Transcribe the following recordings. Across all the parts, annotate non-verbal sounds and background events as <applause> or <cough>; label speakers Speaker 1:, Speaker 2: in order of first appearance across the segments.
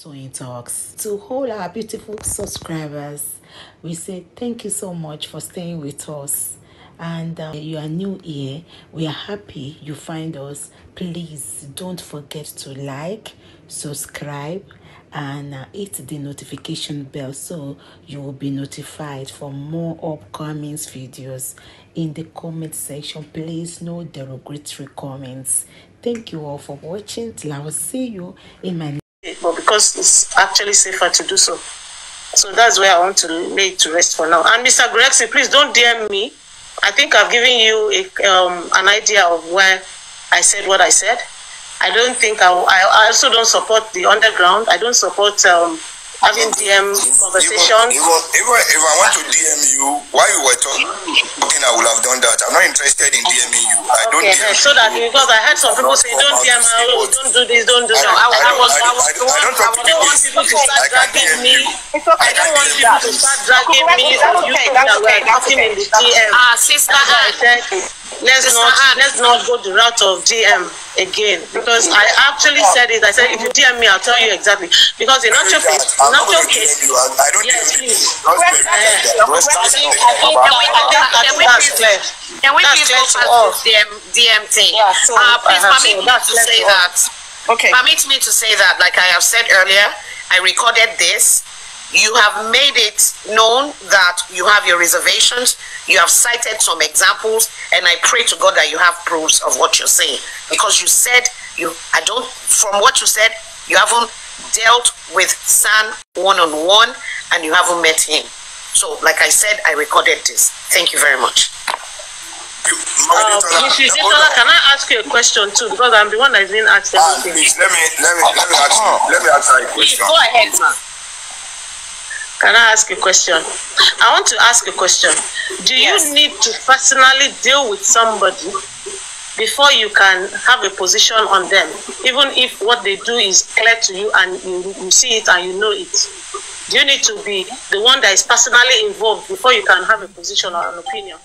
Speaker 1: Toyeen Talks. To all our beautiful subscribers, we say thank you so much for staying with us. And uh, you are new here, we are happy you find us. Please don't forget to like, subscribe, and uh, hit the notification bell so you will be notified for more upcoming videos in the comment section please no derogatory comments thank you all for watching till i will see you in my but
Speaker 2: because it's actually safer to do so. So that's where I want to lay it to rest for now. And Mr. Gregson, please don't DM me. I think I've given you a, um, an idea of where I said what I said. I don't think I, I also don't support the underground. I don't support um, having DM conversations. Even, even, if I want
Speaker 3: to DM you, while you were talking, I would have done that. I'm not interested in DMing you. I don't okay, DM so
Speaker 2: that because I heard some people say, don't DM, oh, don't do this, don't do that. I, I, I, was, I, was, I, I, don't, I, don't, I, don't, I, don't, I don't want people to start dragging me. I don't want people to start dragging me. That's okay, that's okay. That's okay. Ah, sister, ah. I
Speaker 4: let's Sister not Anne. let's
Speaker 2: not go the route of DM again because I actually said it. I said if you DM me, I'll tell you exactly because in actual fact, in actual case,
Speaker 3: I don't yes, please. Can we
Speaker 5: can please go to DM DM thing? Yeah, so, uh, please uh-huh, permit me to say that. Okay. Permit me to say that, like I have said earlier, I recorded this you have made it known that you have your reservations. You have cited some examples, and I pray to God that you have proofs of what you're saying because you said you. I don't. From what you said, you haven't dealt with San one on one, and you haven't met him. So, like I said, I recorded this. Thank you very much. Uh, Mrs. can I
Speaker 2: ask you a question too? Because I'm the one that didn't ask everything. Ah, please, let
Speaker 5: me,
Speaker 3: let me, let me ask, let me ask a question. Please, go
Speaker 6: ahead, ma'am.
Speaker 2: Can I ask a question? I want to ask a question. Do yes. you need to personally deal with somebody before you can have a position on them, even if what they do is clear to you and you, you see it and you know it? Do you need to be the one that is personally involved before you
Speaker 5: can have a position or an opinion?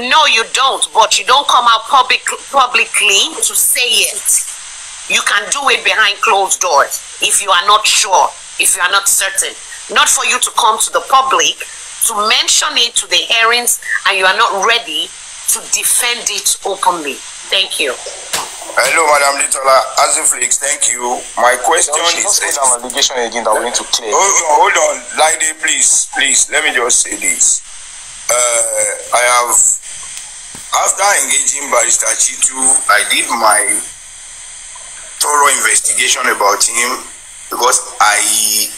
Speaker 5: No, you don't, but you don't come out public, publicly to say it. You can do it behind closed doors if you are not sure if you are not certain. Not for you to come to the public to mention it to the hearings and you are not ready to defend
Speaker 3: it openly. Thank you. Hello, Madam Litola. Aziflix, thank you. My question no, is... This an
Speaker 4: allegation again that we need going to clear. Hold
Speaker 3: on, hold on. Lady, please, please, let me just say this. Uh, I have... After engaging Barrister Chitu, I did my thorough investigation about him because I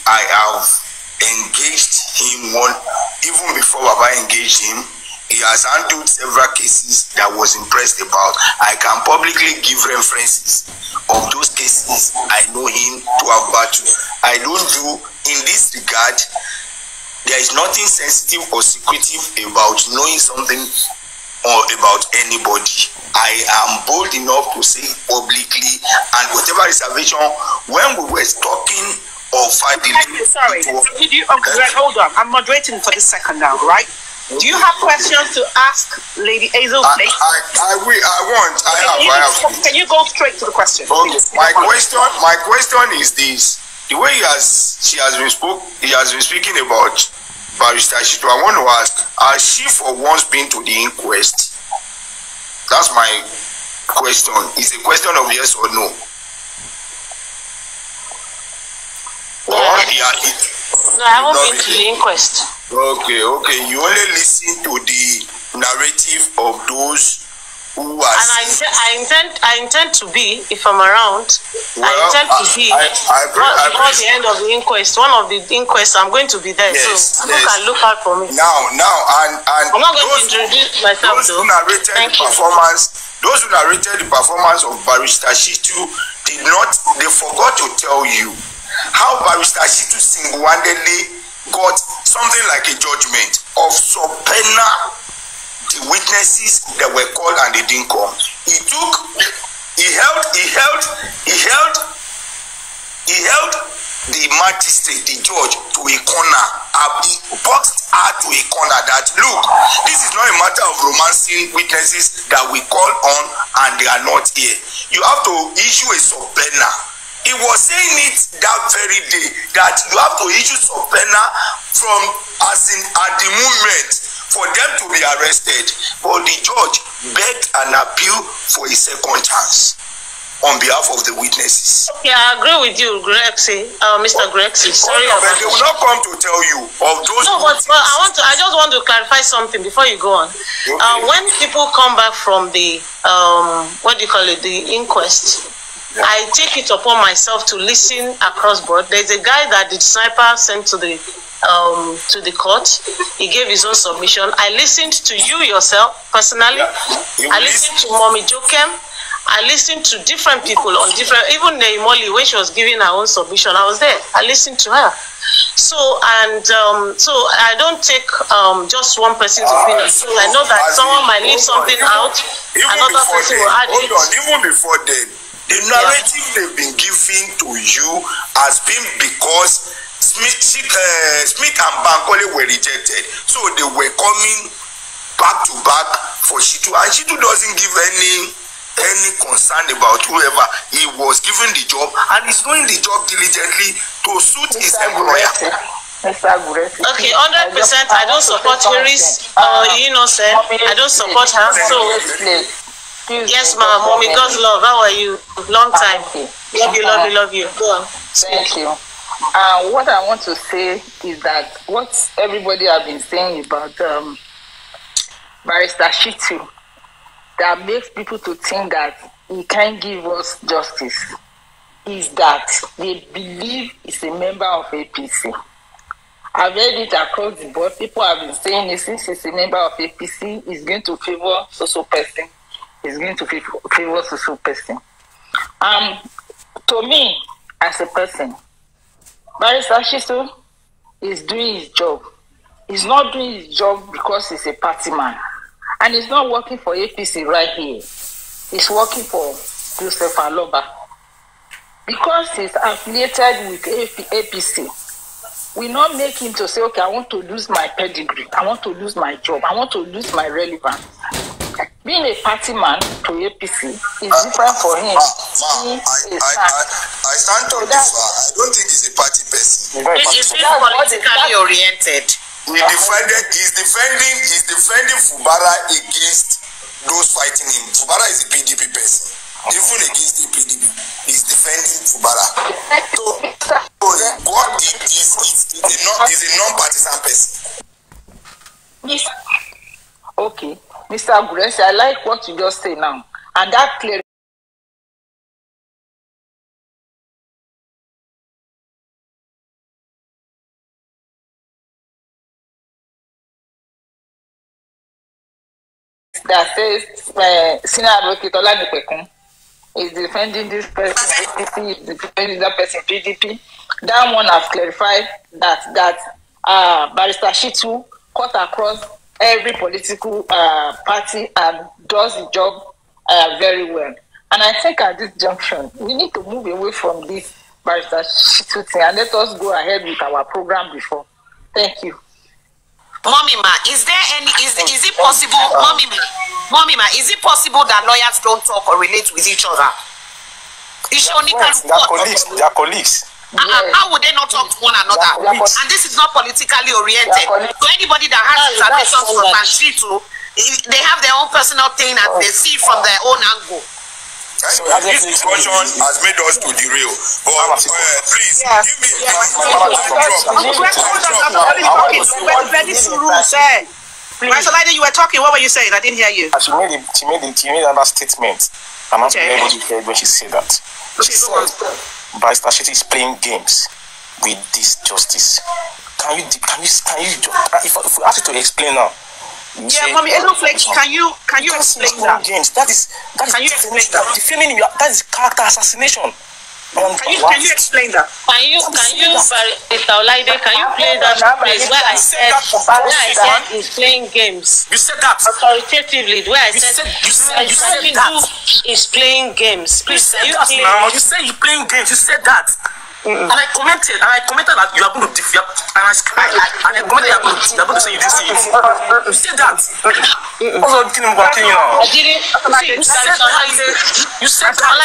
Speaker 3: I have engaged him one even before Baba engaged him. He has handled several cases that was impressed about. I can publicly give references of those cases I know him to have battled. I don't do in this regard. There is nothing sensitive or secretive about knowing something or about anybody. I am bold enough to say publicly and whatever reservation when we were talking of finding sorry people, so you, Okay, uh, hold on I'm
Speaker 1: moderating for the second now right do you have questions to ask Lady Hazel please I,
Speaker 3: I, will I want I can have, you, I have can you go straight to the question okay. my question my question is this the way he has she has been spoke he has been speaking about Barrister Shito, I want to ask, has she for once been to the inquest? That's my question. Is a question of yes or no. Or yeah. it,
Speaker 2: no, I haven't been to the
Speaker 3: inquest. Okay, okay. You only listen to the narrative of those and I,
Speaker 2: intend, I intend I intend to be if I'm around. Well, I intend to be I, I, I, pre- before the end of the inquest. One of the inquests, I'm going to be there, yes, so people yes. can
Speaker 3: look out for me. Now, now, and and I'm not going those, to introduce myself. Those who narrated Thank the performance, those who narrated the performance of Barrister Shitu did not. They forgot to tell you how Barrister Shitu single-handedly got something like a judgment of subpoena the witnesses that were called and they didn't come. He took, he held, he held, he held, he held the magistrate, the judge, to a corner. He boxed her to a corner that look, this is not a matter of romancing witnesses that we call on and they are not here. You have to issue a subpoena. He was saying it that very day that you have to issue subpoena from as in at the moment for them to be arrested but the judge begged an appeal for a second chance on behalf of the witnesses. Okay, I
Speaker 2: agree with you, Grexy, uh, Mr. Oh, Grexy. Sorry no, about They will not come to tell you of those. No, but, but I want to. I just want to clarify something before you go on. Okay. Uh, when people come back from the um, what do you call it, the inquest, Yeah. I take it upon myself to listen across board. There's a guy that the sniper sent to the um, to the court. He gave his own submission. I listened to you yourself personally. Yeah. I listened to Mommy Jokem. I listened to different people on different, even Neimoli, when she was giving her own submission, I was there. I listened to her. So, and um, so I don't take um, just one person's uh, opinion. So I know that someone might leave something out, another person will add hold it. On, even
Speaker 3: before then, The narrative yeah. they've been giving to you has been because Smith, uh, Smith and Bankole were rejected. So they were coming back to back for Shitu. And Shitu doesn't give any any concern about whoever he was given the job and he's doing the job diligently to suit Mr. his employer. Okay, hundred percent. I don't support Iris uh, Innocent. I don't support her. So
Speaker 2: Yes, ma'am. Mommy, God's love. How are you? Long time. Love you, love you, love you. Go
Speaker 7: on. Thank you. uh, what I want to say is that what everybody have been saying about um, Barrister Shitu that makes people to think that he can't give us justice is that they believe he's a member of APC. I've heard it across the board. People have been saying it since he's a member of APC, he's going to favor social person is going to favor, favor so person. Um, to me, as a person, Barrister Shiso is doing his job. He's not doing his job because he's a party man. And he's not working for APC right here. He's working for Joseph Aloba. Because he's affiliated with APC, we not make him to say, okay, I want to lose my pedigree. I want to lose my job. I want to lose my relevance being a party man to APC is different for him. Ma, he I, I, I, I stand
Speaker 3: to so differ. I don't think he's a party person. He is being politically oriented. He defended, he's defending, he's defending Fubara against those fighting him. Fubara is a PDP person. Even against the PDP, he's defending Fubara. So, so what he is, is, is a non-partisan person.
Speaker 7: Okay. Mr. Aguresi, I like what you just say now. And that clear
Speaker 6: that says uh,
Speaker 7: senior advocate Olanipekun is defending this person, APC is defending that person, PDP. That one has clarified that that uh, Barrister Shitu cut across every political uh, party and does the job uh, very well. And I think at this junction, we need to move away from this barrister shooting and let us go ahead with our program before. Thank you.
Speaker 5: Mommy ma, is there any is is it possible uh, mommy ma, mommy ma, is it possible that lawyers don't talk or relate with each other? Is she only colleagues, their
Speaker 4: colleagues. Yes. Ah, ah, how
Speaker 5: would they not talk to one another? Yeah, and this is not politically oriented. Yeah, so anybody that has yeah, ambitions for Manchitu, they have their own personal thing and they see
Speaker 3: from their own angle. So this discussion has made us to derail. But uh,
Speaker 5: please, yeah. give me yeah. yeah.
Speaker 1: Please. Right, you were talking. What were you saying? I didn't hear you. She made a, she made a, she
Speaker 4: made another statement. I'm not okay. able to hear when she said that. she go said, Barrister Shitty is playing games with this justice. Can you can you can you if, if we ask you to explain now? Yeah, mommy, Edo Flex, can
Speaker 1: you can you explain that? Games. That is that is can you explain that? Defaming that is character assassination. Um, can you what? can you explain that?
Speaker 2: Can you can you Mr. Olaide, can you play that place where I said where I said he's playing games? You said that authoritatively. Where I said you said you said that is playing games. Please, you said that now. You
Speaker 1: said you're playing games. You said that. Mm-mm. And I commented, and I commented that you are going to def- and I, and I commented you are going to, you are going to say you didn't see it. You said that. Mm-mm.
Speaker 4: Also, I'm uh, you now. I didn't.
Speaker 1: you said that. You said that.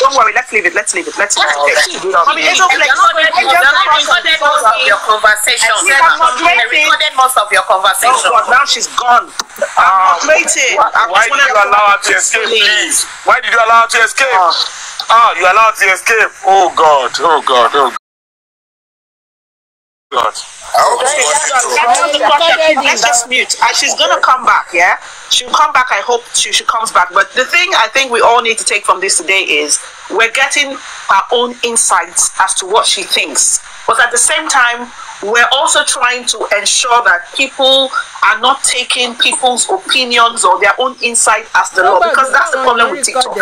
Speaker 1: Don't worry, let's leave it. Let's leave it. Let's leave it. Let's leave it. I mean, it's okay. They're not going to recorded most of your conversation. They recorded
Speaker 5: most of your conversation.
Speaker 4: Oh, now she's gone. I'm ah. not waiting. Why did you allow her to escape, please? Why did you allow her to escape? Ah. Ah, you allowed to escape. Oh God, oh God, oh God. God.
Speaker 1: Let's just mute. Uh, she's gonna come back, yeah? She'll come back. I hope she, she comes back. But the thing I think we all need to take from this today is we're getting our own insights as to what she thinks. But at the same time, we're also trying to ensure that people are not taking people's opinions or their own insight as the law because that's the problem with TikTok.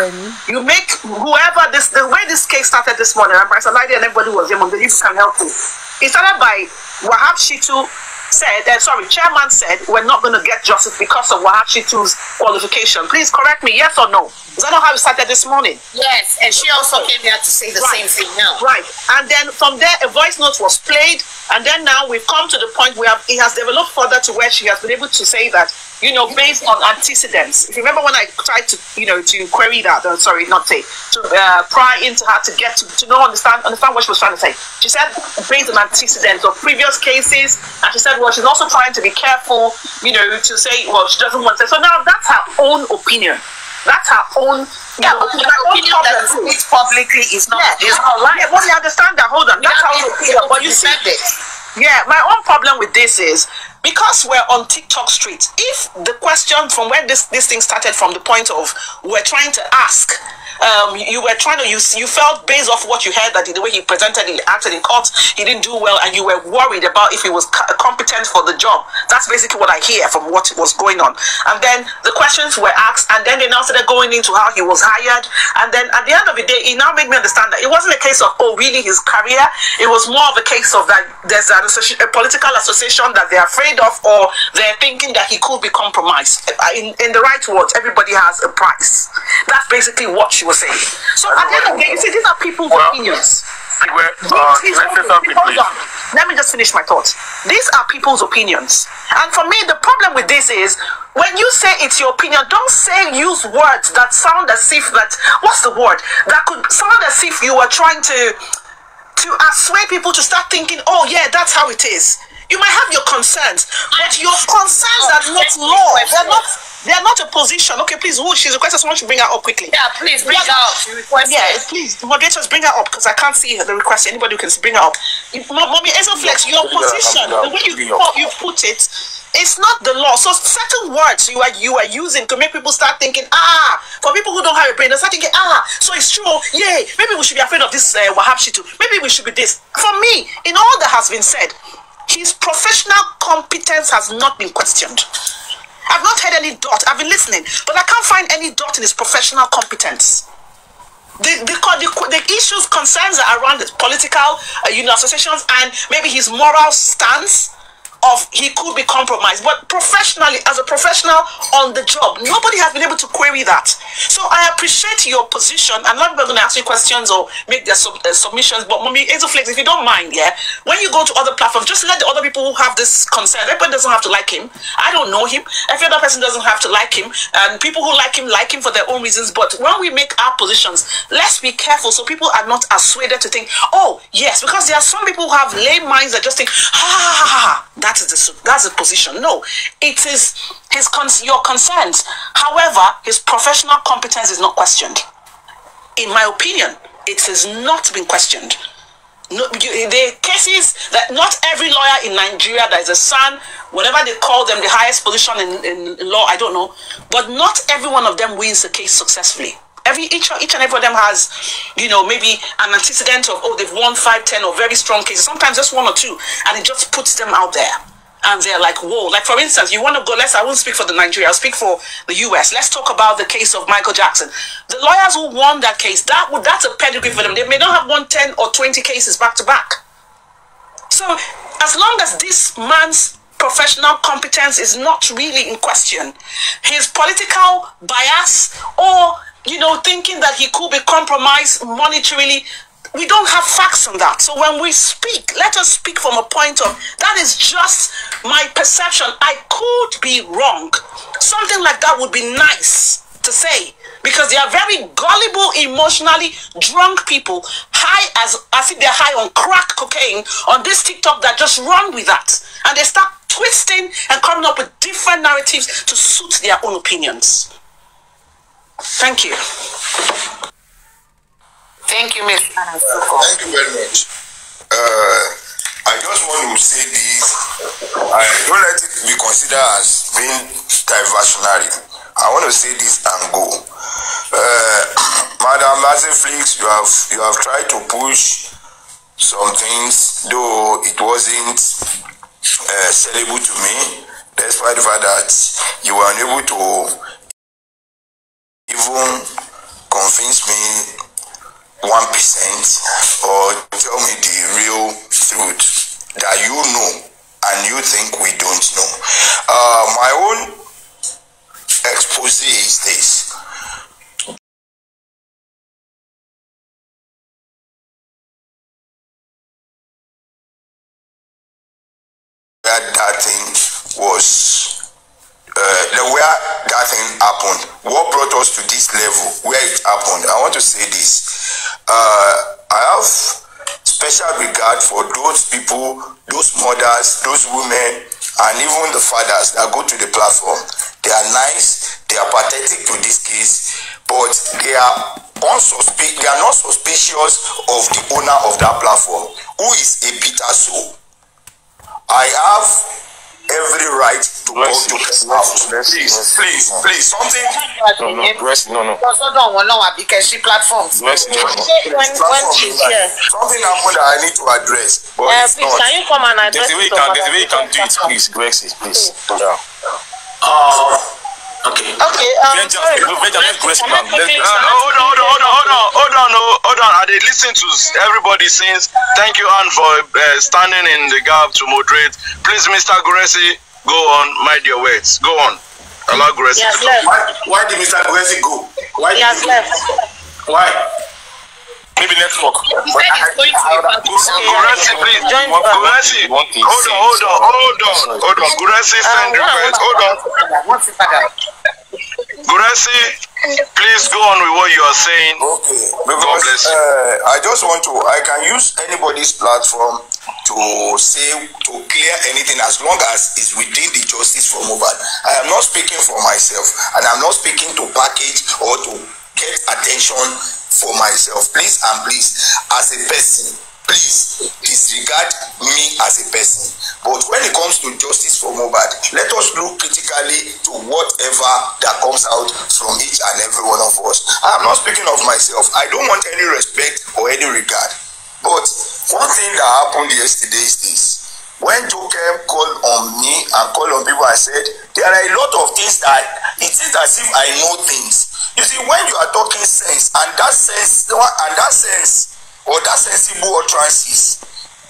Speaker 1: You make whoever this the way this case started this morning, and Bryce and everybody was here, you can help me it started by Wahab Shitu said, uh, sorry, chairman said, we're not going to get justice because of Wahab Shitu's qualification. Please correct me, yes or no? Is that not how we started this morning?
Speaker 5: Yes, and she also came here to say the right. same thing now.
Speaker 1: Right, and then from there, a voice note was played, and then now we've come to the point where it has developed further to where she has been able to say that you know, based on antecedents. If you remember when I tried to, you know, to query that, uh, sorry, not say, to uh, pry into her to get to, to know, understand, understand what she was trying to say. She said based on antecedents of previous cases, and she said, well, she's also trying to be careful, you know, to say, well, she doesn't want to say. So now that's her own opinion. That's her own. Yeah, but her opinion that is publicly is not. Yeah, is not right. Yeah, you understand that. Hold on. That's how you feel. But you see, it. Yeah, my own problem with this is because we're on TikTok Street, if the question from where this, this thing started from the point of we're trying to ask um, you were trying to you you felt based off what you heard that the way he presented, he acted in court, he didn't do well, and you were worried about if he was competent for the job. That's basically what I hear from what was going on. And then the questions were asked, and then they now started going into how he was hired. And then at the end of the day, it now made me understand that it wasn't a case of oh really his career. It was more of a case of that there's an a political association that they're afraid of, or they're thinking that he could be compromised. In in the right words, everybody has a price. That's basically what she was saying. So at the end of the day, you see, these are people's well, opinions. Were, uh, hold on. Let me just finish my thoughts. These are people's opinions. And for me, the problem with this is when you say it's your opinion, don't say use words that sound as if that what's the word? That could sound as if you were trying to to assuage people to start thinking, oh yeah, that's how it is. You might have your concerns, but your concerns are not law. They're not they are not a position. Okay, please, who? She's requested someone to bring her up quickly. Yeah, please bring her up. She requested. Yeah, please, the moderators bring her up because I can't see her, the request. Anybody who can bring her up. If, mommy, Ezoflex, your position, the way you, you put it, it's not the law. So certain words you are you are using to make people start thinking, ah, for people who don't have a brain, they start thinking, ah, so it's true, yay, maybe we should be afraid of this uh, Wahabshitu. Maybe we should be this. For me, in all that has been said, his professional competence has not been questioned. I've not heard any dot. I've been listening, but I can't find any dot in his professional competence. The, the, the, the issues, concerns are around political uh, you know, associations and maybe his moral stance of he could be compromised but professionally as a professional on the job nobody has been able to query that so i appreciate your position and not going to ask you questions or make their sub, uh, submissions but mommy Flex, if you don't mind yeah when you go to other platforms just let the other people who have this concern everybody doesn't have to like him i don't know him every other person doesn't have to like him and people who like him like him for their own reasons but when we make our positions let's be careful so people are not assuaded to think oh yes because there are some people who have lame minds that just think ha ha ha ha that is the that's the position. No, it is his cons- your concerns. However, his professional competence is not questioned. In my opinion, it has not been questioned. No, you, the cases that not every lawyer in Nigeria that is a son, whatever they call them, the highest position in, in law, I don't know, but not every one of them wins the case successfully. Every each, each and every of them has, you know, maybe an antecedent of, oh, they've won five, ten, or very strong cases. Sometimes just one or two, and it just puts them out there. And they're like, whoa. Like, for instance, you want to go, let's, I won't speak for the Nigeria, I'll speak for the US. Let's talk about the case of Michael Jackson. The lawyers who won that case, that would, that's a pedigree for them. They may not have won 10 or 20 cases back to back. So, as long as this man's professional competence is not really in question. His political bias or you know, thinking that he could be compromised monetarily. We don't have facts on that. So when we speak, let us speak from a point of that is just my perception. I could be wrong. Something like that would be nice to say because they are very gullible, emotionally drunk people, high as as if they're high on crack cocaine on this TikTok that just run with that, and they start twisting and coming up with different narratives to suit their own opinions. Thank you. Thank you,
Speaker 7: Miss. Uh,
Speaker 3: thank you very much. Uh, I just want to say this. I don't let it be considered as being diversionary. I want to say this and go. Uh, <clears throat> Madam Aziflix, you have you have tried to push some things, though it wasn't uh, sellable to me, despite the fact that you were unable to even convince me 1% or tell me the real truth that you know and you think we don't know. Uh, my own
Speaker 6: expose is this. That, that thing
Speaker 3: was uh, where that thing happened, what brought us to this level, where it happened. I want to say this. Uh, I have special regard for those people, those mothers, those women, and even the fathers that go to the platform. They are nice, they are pathetic to this case, but they are unsuspe- they are not suspicious of the owner of that platform, who is a bitter soul. I have every right to bless go to his house. please, please, please, something. No, no, bless, no, no.
Speaker 5: Ọ̀sọ́dọ̀ wọn náà wà bí platform. Bless no, no. Something happened
Speaker 3: that I need to address. But uh, please, not. can you
Speaker 5: come and address there's it? There's a
Speaker 3: way you can, there's a way you can do it, please, Grexy, please. Yeah. Uh, um, Okay. Okay. Um, hold on, hold on, hold on, hold on, hold on, hold on. Are they listening to everybody since. Thank you, Anne, for uh, standing in the gap to moderate. Please, Mr. Guresi,
Speaker 4: go on. My dear, words. Go on. Allow Guresi. Yes, why, why did Mr. Guresi
Speaker 3: go? Why he did he left.
Speaker 4: Why? maybe next week. He said he's going to be part Gurasi, please join Gurasi, hold on, hold on, hold on, hold on. Gurasi, uh, send request. Hold on. Gurasi,
Speaker 3: please go on with what you are saying. Okay. Because, God bless you. Uh, I just want to, I can use anybody's platform to say to clear anything as long as it's within the justice for Mohbad. I am not speaking for myself and I'm not speaking to package or to get attention for myself please and please as a person please disregard me as a person but when it comes to justice for Mohbad let us look critically to whatever that comes out from each and every one of us i am not speaking of myself i don't want any respect or any regard but one thing that happened yesterday is this when Jokem call on me and call on people I said there are a lot of things that it is as if I know things you see when you are talking sense and that sense and that sense or that sensible utterances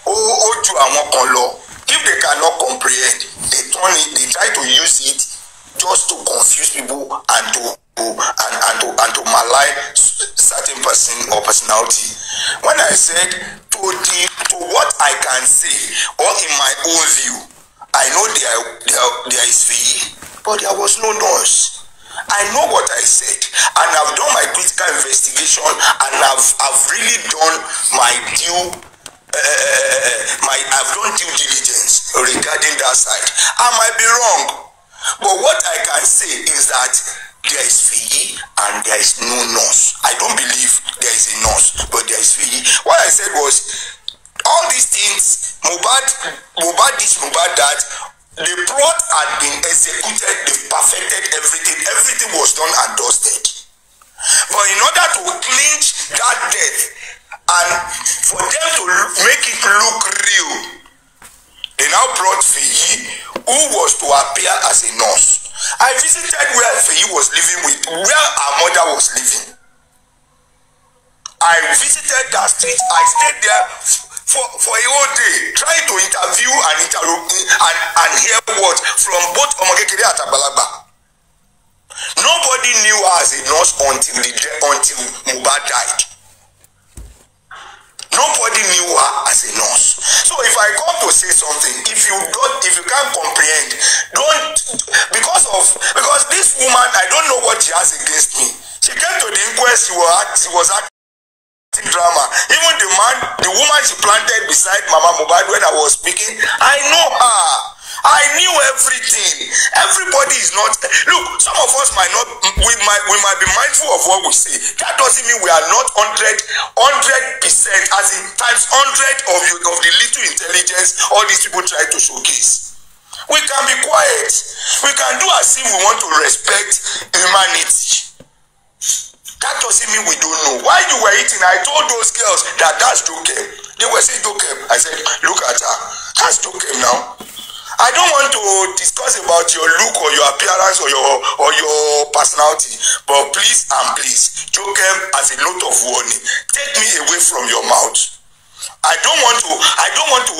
Speaker 3: ó ó ju àwọn kan lọ if they cannot comprehend they turn it they try to use it just to confuse people and to to and and to and to malign certain person or personality when I said to the to what i can see or in my own view i know there there there is fee but there was no noise i know what i said and i've done my critical investigation and i've i've really done my due uh, my i've done due diligence regarding that side i might be wrong but what i can say is that there is Fiyi and there is no nurse. I don't believe there is a nurse, but there is Fiyi. What I said was all these things, Mohbad, Mohbad this, Mohbad that, the plot had been executed, they perfected everything, everything was done and dusted. But in order to clinch that death and for them to make it look real, they now brought Fiyi who was to appear as a nurse. I visited where Feyi was living with, where her mother was living. I visited that street. I stayed there for for a whole day trying to interview and interrogate and and hear what from both Omokekere and Agbalagba. Nobody knew her as a nurse until the until Mohbad died. Nobody knew her as a nurse so if i come to say something if you don't if you can't comprehend don't because of because this woman i don't know what she has against me she came to the inquest she was act she was acting drama even the man the woman she planted beside mama mohbad when i was speaking i know her I knew everything. Everybody is not. Look, some of us might not. We might. We might be mindful of what we say. That doesn't mean we are not hundred, hundred percent, as in times hundred of you, of the little intelligence all these people try to showcase. We can be quiet. We can do as if we want to respect humanity. That doesn't mean we don't know. why you were eating, I told those girls that that's Jokem. They were saying Jokem. I said, look at her. That's Jokem now. I don't want to discuss about your look or your appearance or your or your personality, but please and please, Jokem as a note of warning, take me away from your mouth. I don't want to I don't want to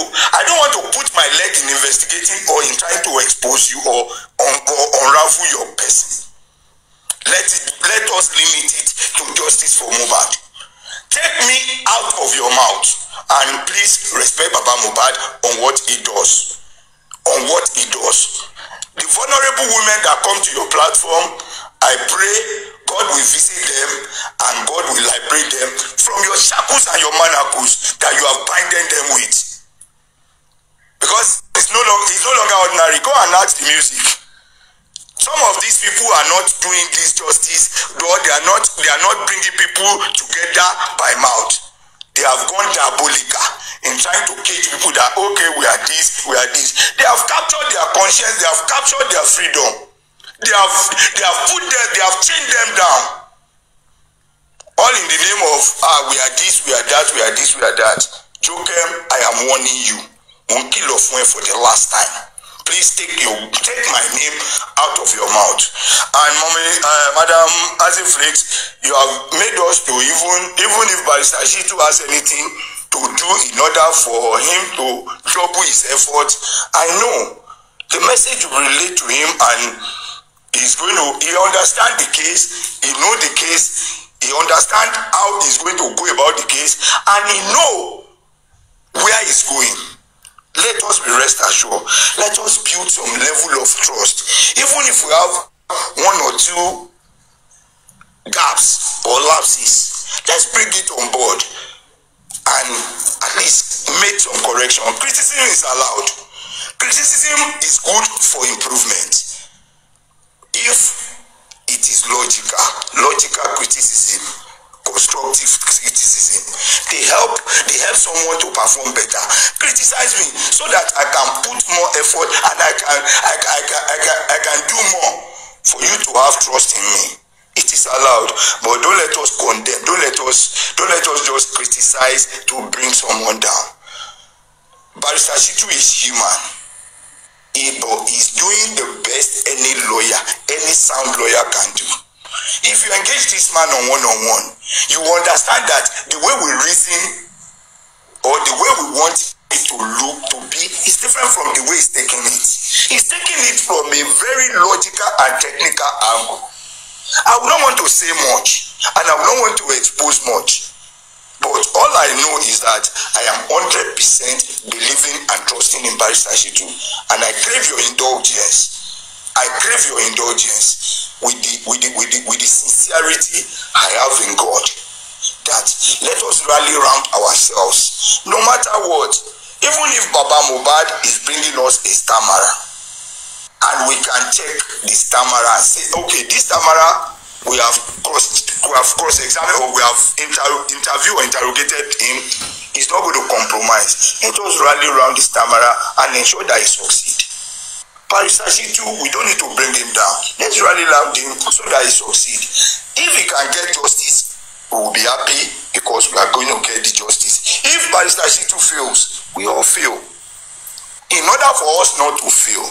Speaker 3: people together by mouth they have gone diabolical in trying to cage people that okay we are this we are this they have captured their conscience they have captured their freedom they have they have put them they have chained them down all in the name of ah we are this we are that we are this we are that jokem i am warning you mo ń kìlọ̀ for the last time please take your take my name out of your mouth and mommy uh, madam aziflex you have made us to even even if barrister shitu has anything to do in order for him to double his effort i know the message will relate to him and he's going to he understand the case he know the case he understand how he's going to go about the case and he know where he's going let us be rest assured let us build some level of trust even if we have one or two gaps or lapses let's bring it on board and at least make some correction criticism is allowed criticism is good for improvement if it is logical logical criticism constructive criticism they help they help someone to perform better criticize me so that i can put more effort and i can i can i can i can, I can do more for you to have trust in me it is allowed but don't let us condemn don't let us don't let us just criticize to bring someone down barrister shitu is human he but he's doing the best any lawyer any sound lawyer can do If you engage this man on one on one, you will understand that the way we reason or the way we want it to look to be is different from the way he's taking it. He's taking it from a very logical and technical angle. I would not want to say much and I would not want to expose much. But all I know is that I am 100% believing and trusting in Barrister Shitu. And I crave your indulgence. I crave your indulgence with the with the with the with the sincerity I have in God. That let us rally round ourselves. No matter what, even if Baba Mohbad is bringing us a stammerer, and we can check the stammerer and say, okay, this stammerer we have crossed we have cross examined or we have inter interviewed or interrogated him, is not going to compromise. Let us rally round the stammerer and ensure that he succeed. Pastor Shitu, we don't need to bring him down. Let's rally around him so that he succeed. If he can get justice, we will be happy because we are
Speaker 6: going to get the justice. If Pastor Shitu fails, we all fail. In order for us not to fail,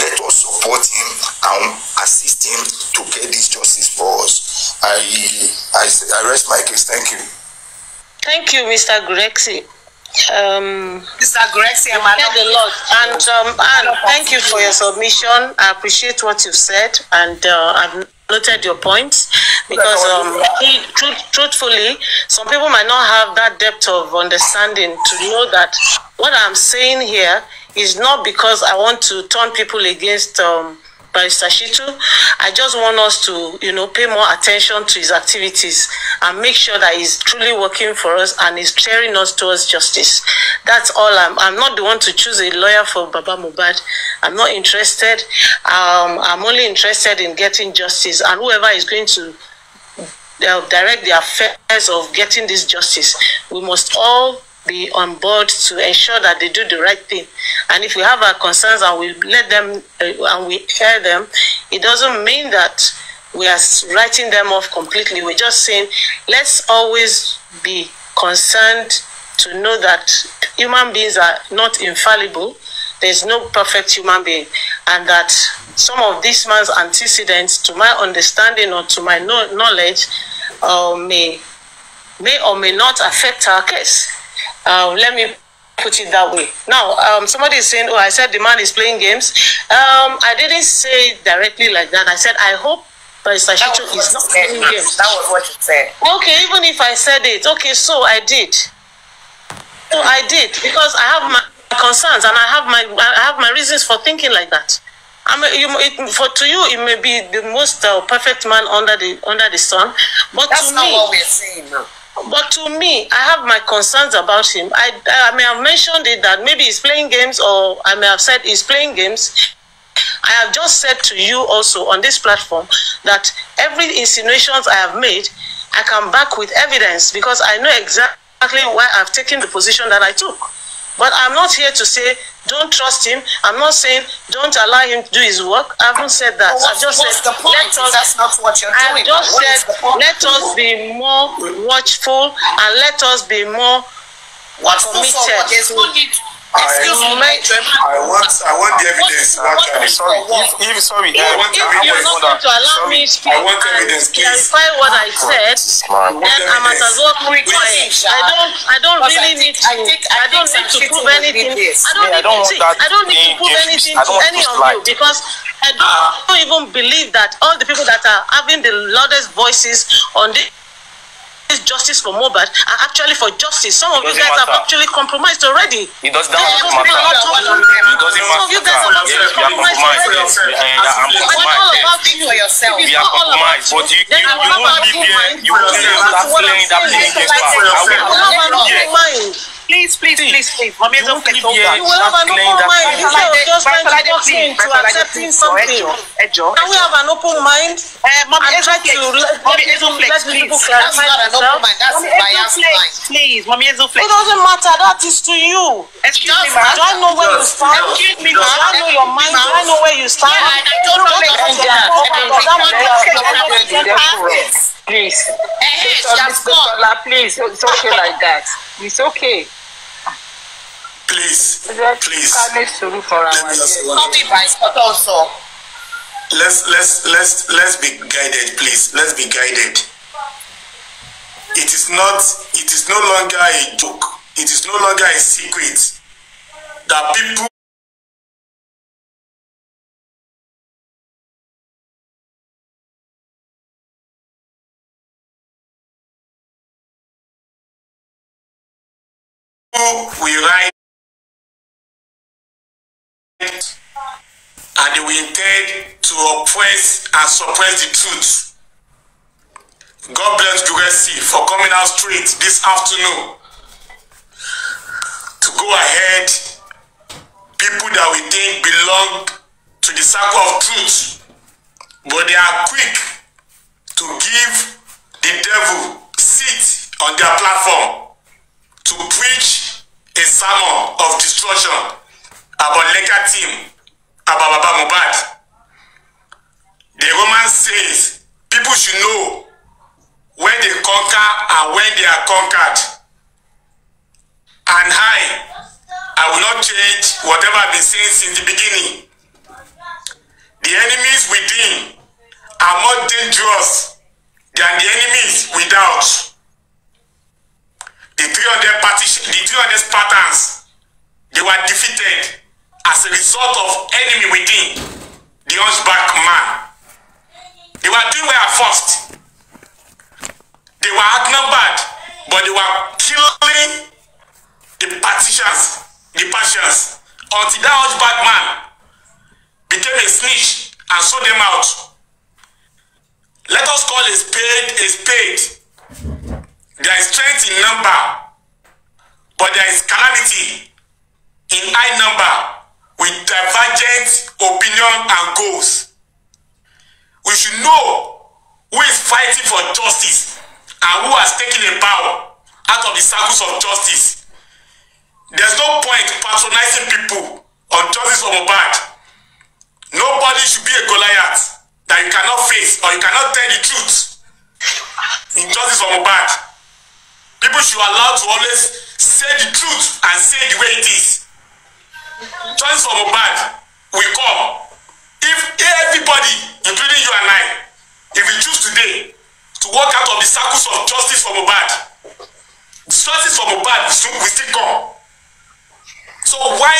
Speaker 6: let us support
Speaker 3: him and assist him to get this justice for us. I I, I rest my case. Thank you.
Speaker 2: Thank you, Mr. Grexy um, Sister Gracie, you said a lot. And, um, and thank you for your submission. I appreciate what you've said, and uh, I've noted your points because um, he, truth, truthfully, some people might not have that depth of understanding to know that what I'm saying here is not because I want to turn people against um, Barrister Shitu. I just want us to, you know, pay more attention to his activities and make sure that he's truly working for us and is steering us towards justice. That's all. I'm, I'm not the one to choose a lawyer for Baba Mubad. I'm not interested. Um, I'm only interested in getting justice and whoever is going to uh, direct the affairs of getting this justice. We must all be on board to ensure that they do the right thing. And if we have our concerns and we let them uh, and we hear them, it doesn't mean that we are writing them off completely. We're just saying, let's always be concerned to know that human beings are not infallible. There's no perfect human being. And that some of this man's antecedents, to my understanding or to my knowledge, uh, may, may or may not affect our case. Uh, let me put it that way. Now, um, somebody is saying, "Oh, I said the man is playing games." Um, I didn't say directly like that. I said, "I hope." that Shicho is not playing games. That
Speaker 1: was what you said.
Speaker 2: Okay, even if I said it, okay, so I did. So I did because I have my concerns and I have my I have my reasons for thinking like that. I mean, you, it, for to you, it may be the most uh, perfect man under the under the sun, but That's to me, what we're
Speaker 7: saying now.
Speaker 2: But to me, I have my concerns about him. I, I may have mentioned it that maybe he's playing games, or I may have said he's playing games. I have just said to you also on this platform that every insinuations I have made, I come back with evidence because I know exactly why I've taken the position that I took. But I'm not here to say don't trust him. I'm not saying don't allow him to do his work. I haven't said that. Well, I just said let us. That's not what you're doing. I've just said let us be more watchful and let us be more what committed. So Excuse I, me, I want I want the
Speaker 3: evidence. What what is sorry,
Speaker 4: if, if sorry, if, I want if you are not going
Speaker 2: to allow sorry, me to speak I want evidence, clarify what I said, then I might as well quit quiet. I don't I don't really need to I don't need to prove anything. I don't need to I don't need to prove anything to any of you because I don't ah. even believe that all the people that are having the loudest voices on this this justice for Mobad and actually for justice. Some of you guys matter. have actually compromised
Speaker 1: already. It does
Speaker 2: that matter. matter.
Speaker 5: Some of you guys have actually yeah, compromised already.
Speaker 1: It's not all about you. It's not all about you. Then I will have an open mind. I will have an open mind. Please, please, please, please. Mommy, don't take over. You will have an open mind. You are just trying to box me accepting something. Can we have an open mind? Eh, mommy, and try to not an open mind. That's biased mind. Please, mommy, it doesn't matter. That is
Speaker 2: to you. Excuse me, ma'am. Do I know where you stand?
Speaker 6: Excuse me, ma'am. Do I know your mind? Do I know
Speaker 2: where you stand?
Speaker 7: I don't know please. Hey, eh, she has gone. Please, it's okay like that. It's okay.
Speaker 4: Please, please. Let me
Speaker 7: just
Speaker 5: also.
Speaker 4: Let's let's let's let's be guided, please. Let's be guided. It is not. It is no longer a joke. It is no longer a
Speaker 6: secret that people. we write and we intend to oppress and suppress the truth. God
Speaker 4: bless Duresi for coming out straight this afternoon to go ahead people that we think belong to the circle of truth but they are quick to give the devil seat on their platform to preach a sermon of destruction about legal team about Baba Mohbad. The Roman says people should know when they conquer and when they are conquered. And I, I will not change whatever I've been saying since the beginning. The enemies within are more dangerous than the enemies without the 300 partition, the 300 Spartans, they were defeated as a result of enemy within, the hunchback man. They were doing well at first. They were outnumbered, but they were killing the partitions, the partitions, until that hunchback man became a snitch and sold them out. Let us call a spade a spade. There is strength in number, but there is calamity in high number with divergent opinion and goals. We should know who is fighting for justice and who has taken a bow out of the circles of justice. There's no point patronizing people on justice or Mohbad. Nobody should be a Goliath that you cannot face or you cannot tell the truth in justice or Mohbad people should allow to always say the truth and say the way it is choice of bad will come if everybody including you and I if we choose today to walk out of the circles of justice from a bad, justice for Mohbad soon will still come so why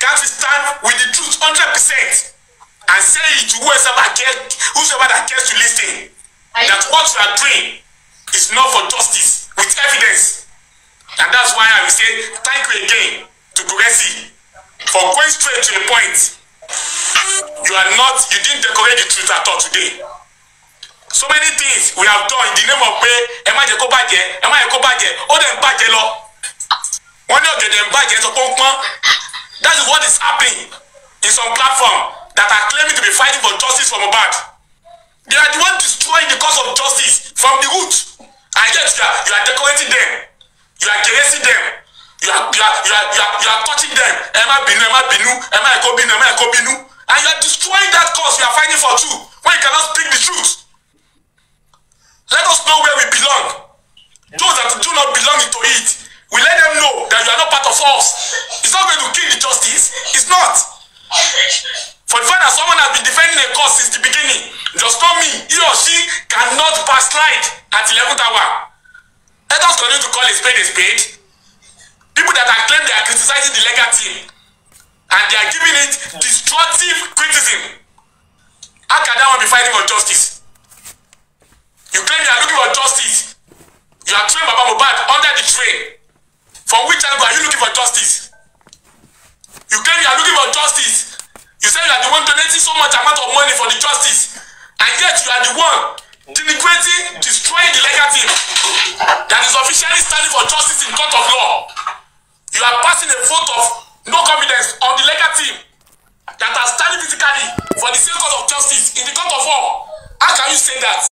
Speaker 4: can't we stand with the truth 100% and say it to whoever cares, whoever that cares to listen that what you are doing is not for justice with evidence and that's why i will say thank you again to Progressi for going straight to the point you are not you didn't decorate the truth at all today so many things we have done in the name of pé ẹ má jẹ́ kó bàjẹ́ ẹ má jẹ́ kó bàjẹ́ ó dẹ̀ ń bàjẹ́ lọ wọ́n ní ọ̀gẹ̀dẹ̀ ń bàjẹ́ sọ pọ́npọ́n that is what is happening in some platforms that are claiming to be fighting for justice from Mohbad they are the one destroying the cause of justice from the root. I yet you are you are decorating them you are caressing them you are you are you are you are, you are touching them ẹ má bínú ẹ má bínú ẹ má ẹkọ bínú ẹ má and you are destroying that cause you are fighting for two when you cannot speak the truth let us know where we belong those that do not belong into it we let them know that you are not part of us it's not going to kill the justice it's not. Fortified that someone has been defending a cause since the beginning. Just not me. He or she cannot pass light at 11th hour. Let us continue to call a spade a spade. People that are claiming they are criticizing the legal team and they are giving it destructive criticism. How can that one be fighting for justice? You claim you are looking for justice. You are throwing Baba Mohbad under the train. For which angle are you looking for justice? you are the one donating so much amount of money for the justice and yet you are the one denigrating destroying the legacy that is officially standing for justice in court of law you are passing a vote of no confidence on the legacy that are standing physically for the sake of justice in the court of law how can you say that.